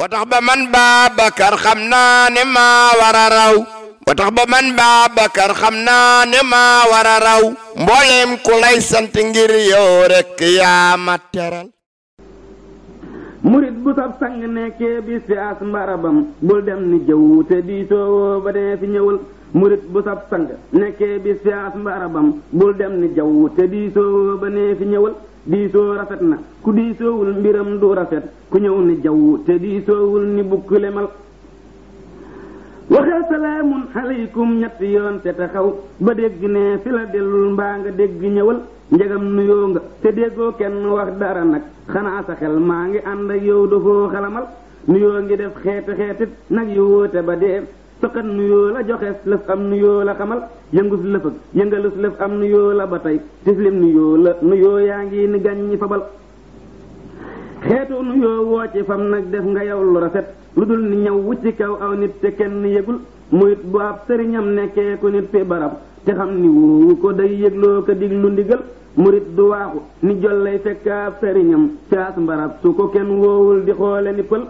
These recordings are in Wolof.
ba tax ba man Babacar xam naa ne ma war raw ba tax ba man bakkar xam naa ne ma wara raw mbooleem ku lay sant ngir yow rek yaa ma teral murit bu sab sang nekkee bis fi mbarabam bul dem ni jëw te diisoo ba dee fi ñëwul murit bu sab sang nekkee bis fi mbarabam bul dem ni jëw te diisoo ba nee fi ñëwul diisoo rafet na ku diisoowul mbiram du rafet ku ñëw ni jaww te diisoowul ni bukk lemal waxee salaamun aleykum ñetti yoon te taxaw ba dégg ne fi mbaa nga dégg ñëwal njegam nuyoo nga te déggoo kenn wax dara nag xanaa sa xel maa ngi ànd ak yow dafoo xalamal nuyoo ngi def xeeti xeetit nag yu wóote ba dee toqat nuyoo la joxe lëf am nuyoo la xamal yëngus lëfëg yëngalus lëf am nuyoo la ba tey tiflim nuyoo la nuyoo yaa ngi ni gàññi fabal xeetu nuyoo woo ci fam nag def nga yow lu rafet lu dul ni ñëw wu ci kaw aw nit te kenn yëgul muyit bu ab sëriñam nekkee ku nit fi barab te xam ni woowu ko day yëgloo ko diglu ndigal murit du waaxu ni jol lay fekk ab sëriñam caas mbarab su ko kenn woowul di xoole ni pël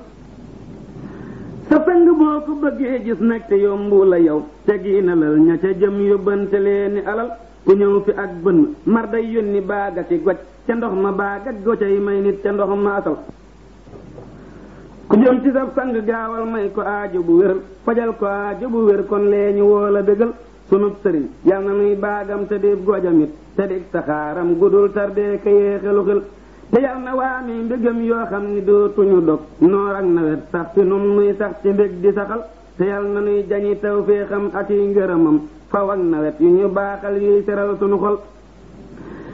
te sang boo ko bëggee gis nag te yombu la yow te gii na lal ña ca jëm yóbbante leen ni alal ku ñëw fi ak bën mar day yónni baaga ki goj ca ndox ma baaga gocay may nit ca ndox ma asal ku jëm ci sab sang gaawal may ko aajo bu wér fajal ko aajo bu wér kon lee ñu woo la dëggal sunub sëriñ yal na nuy baagam te déeb gojamit te dig saxaaram gudul tardee ka yéexalu xel te yal na waa mi mbégam yoo xam ni dootuñu dog noor ak nawet sax ci nun nuy sax ci mbég di saxal te yal na nuy jañi taw fee xam ak yi ngërëmam faw ak nawet yu ñu baaxal yuy seral sunu xol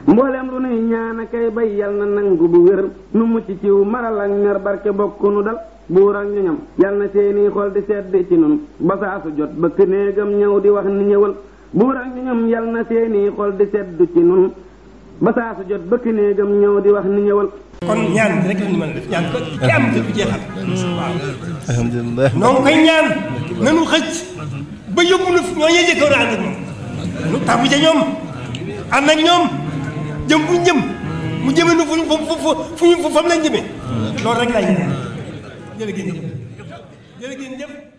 mboolem lu nuy ñaan akay bay yal na nangu bu wér nu mucc ciw maral ak ñor barke bokkunu dal buur ak ñoñam yal na seeni xol di sedd ci nun ba saa su jot bëkk néegam ñëw di wax ni ñëwal buur ak ñoñam yal na seeni xol di sedd ci nun ba saa su jot bëkk néegam ñëw di wax ni ñëwal. kon ñaan rek la ñu mën a def ñaan ko ki am te du jeexal. waaw alhamdulilah. noo koy ñaan nanu xëcc ba yóbbu na ñoo ñee jëkkoon a ak moom nu tàbbi ca ñoom ànd ak ñoom jëm fu jëm mu jëmee nu fu ñu fu fam lañ jëmee